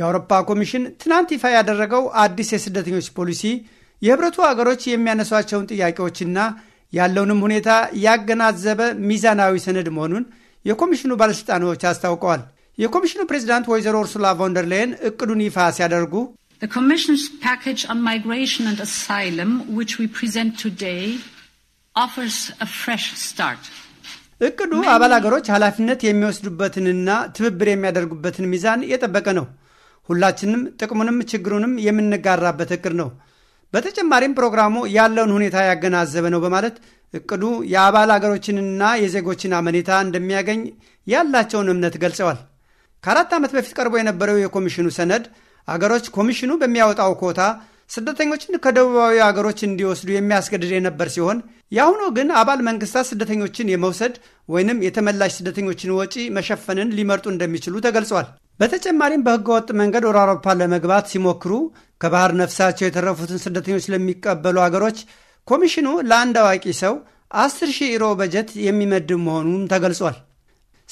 የአውሮፓ ኮሚሽን ትናንት ይፋ ያደረገው አዲስ የስደተኞች ፖሊሲ የህብረቱ አገሮች የሚያነሷቸውን ጥያቄዎችና ያለውንም ሁኔታ ያገናዘበ ሚዛናዊ ሰነድ መሆኑን የኮሚሽኑ ባለሥልጣኖች አስታውቀዋል። የኮሚሽኑ ፕሬዚዳንት ወይዘሮ ኡርሱላ ቮንደር እቅዱን ይፋ ሲያደርጉ እቅዱ አባል አገሮች ኃላፊነት የሚወስዱበትንና ትብብር የሚያደርጉበትን ሚዛን የጠበቀ ነው። ሁላችንም ጥቅሙንም ችግሩንም የምንጋራበት እቅድ ነው። በተጨማሪም ፕሮግራሙ ያለውን ሁኔታ ያገናዘበ ነው በማለት እቅዱ የአባል አገሮችንና የዜጎችን አመኔታ እንደሚያገኝ ያላቸውን እምነት ገልጸዋል። ከአራት ዓመት በፊት ቀርቦ የነበረው የኮሚሽኑ ሰነድ አገሮች ኮሚሽኑ በሚያወጣው ኮታ ስደተኞችን ከደቡባዊ አገሮች እንዲወስዱ የሚያስገድድ የነበር ሲሆን የአሁኑ ግን አባል መንግስታት ስደተኞችን የመውሰድ ወይንም የተመላሽ ስደተኞችን ወጪ መሸፈንን ሊመርጡ እንደሚችሉ ተገልጿል። በተጨማሪም በህገወጥ መንገድ ወደ አውሮፓ ለመግባት ሲሞክሩ ከባህር ነፍሳቸው የተረፉትን ስደተኞች ለሚቀበሉ አገሮች ኮሚሽኑ ለአንድ አዋቂ ሰው 10 ሺህ ዩሮ በጀት የሚመድብ መሆኑም ተገልጿል።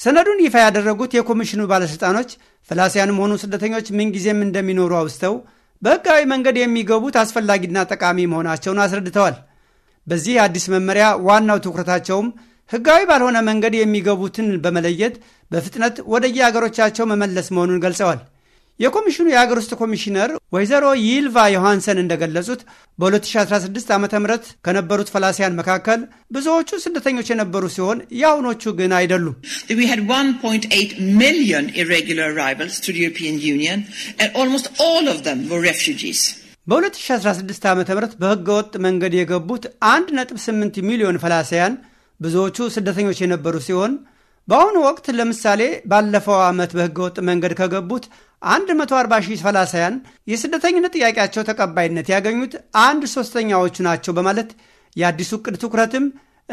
ሰነዱን ይፋ ያደረጉት የኮሚሽኑ ባለሥልጣኖች ፈላሲያንም ሆኑ ስደተኞች ምንጊዜም እንደሚኖሩ አውስተው በህጋዊ መንገድ የሚገቡት አስፈላጊና ጠቃሚ መሆናቸውን አስረድተዋል። በዚህ አዲስ መመሪያ ዋናው ትኩረታቸውም ህጋዊ ባልሆነ መንገድ የሚገቡትን በመለየት በፍጥነት የአገሮቻቸው መመለስ መሆኑን ገልጸዋል። የኮሚሽኑ የአገር ውስጥ ኮሚሽነር ወይዘሮ ይልቫ ዮሐንሰን እንደገለጹት በ2016 ዓ ም ከነበሩት ፈላሲያን መካከል ብዙዎቹ ስደተኞች የነበሩ ሲሆን የአሁኖቹ ግን አይደሉም። በ2016 ዓ ም በህገ ወጥ መንገድ የገቡት 1.8 ሚሊዮን ፈላሲያን ብዙዎቹ ስደተኞች የነበሩ ሲሆን በአሁኑ ወቅት ለምሳሌ ባለፈው ዓመት በህገወጥ መንገድ ከገቡት 140 ሺህ ፈላሳያን የስደተኝነት ጥያቄያቸው ተቀባይነት ያገኙት አንድ ሶስተኛዎቹ ናቸው በማለት የአዲሱ ዕቅድ ትኩረትም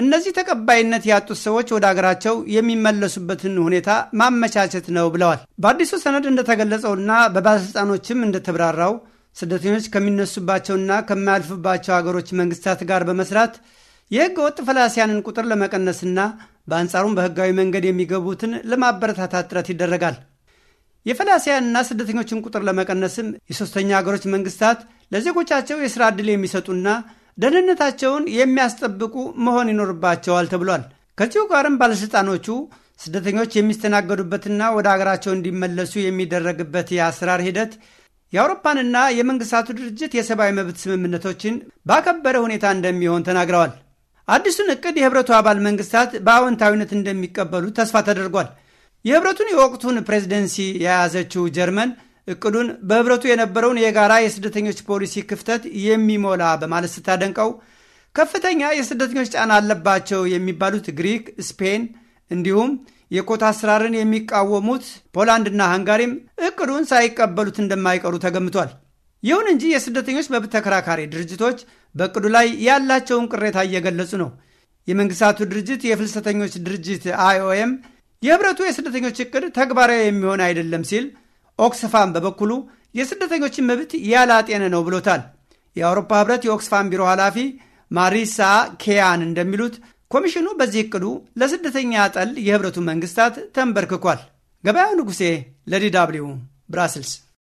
እነዚህ ተቀባይነት ያጡት ሰዎች ወደ አገራቸው የሚመለሱበትን ሁኔታ ማመቻቸት ነው ብለዋል። በአዲሱ ሰነድ እንደተገለጸውና በባለሥልጣኖችም እንደተብራራው ስደተኞች ከሚነሱባቸውና ከማያልፍባቸው አገሮች መንግስታት ጋር በመስራት የሕገ ወጥ ፈላሲያንን ቁጥር ለመቀነስና በአንጻሩም በሕጋዊ መንገድ የሚገቡትን ለማበረታታት ጥረት ይደረጋል። የፈላሲያንና ስደተኞችን ቁጥር ለመቀነስም የሦስተኛ አገሮች መንግስታት ለዜጎቻቸው የሥራ ዕድል የሚሰጡና ደህንነታቸውን የሚያስጠብቁ መሆን ይኖርባቸዋል ተብሏል። ከዚሁ ጋርም ባለሥልጣኖቹ ስደተኞች የሚስተናገዱበትና ወደ አገራቸው እንዲመለሱ የሚደረግበት የአሰራር ሂደት የአውሮፓንና የመንግስታቱ ድርጅት የሰብአዊ መብት ስምምነቶችን ባከበረ ሁኔታ እንደሚሆን ተናግረዋል። አዲሱን እቅድ የህብረቱ አባል መንግስታት በአዎንታዊነት እንደሚቀበሉ ተስፋ ተደርጓል። የህብረቱን የወቅቱን ፕሬዚደንሲ የያዘችው ጀርመን እቅዱን በህብረቱ የነበረውን የጋራ የስደተኞች ፖሊሲ ክፍተት የሚሞላ በማለት ስታደንቀው ከፍተኛ የስደተኞች ጫና አለባቸው የሚባሉት ግሪክ፣ ስፔን እንዲሁም የኮታ አሰራርን የሚቃወሙት ፖላንድና ሃንጋሪም እቅዱን ሳይቀበሉት እንደማይቀሩ ተገምቷል። ይሁን እንጂ የስደተኞች መብት ተከራካሪ ድርጅቶች በእቅዱ ላይ ያላቸውን ቅሬታ እየገለጹ ነው። የመንግስታቱ ድርጅት የፍልሰተኞች ድርጅት አይኦኤም የህብረቱ የስደተኞች እቅድ ተግባራዊ የሚሆን አይደለም ሲል፣ ኦክስፋም በበኩሉ የስደተኞችን መብት ያላጤነ ነው ብሎታል። የአውሮፓ ህብረት የኦክስፋም ቢሮ ኃላፊ ማሪሳ ኬያን እንደሚሉት ኮሚሽኑ በዚህ እቅዱ ለስደተኛ ጠል የህብረቱ መንግስታት ተንበርክኳል። ገበያው ንጉሴ ለዲ ደብልዩ ብራስልስ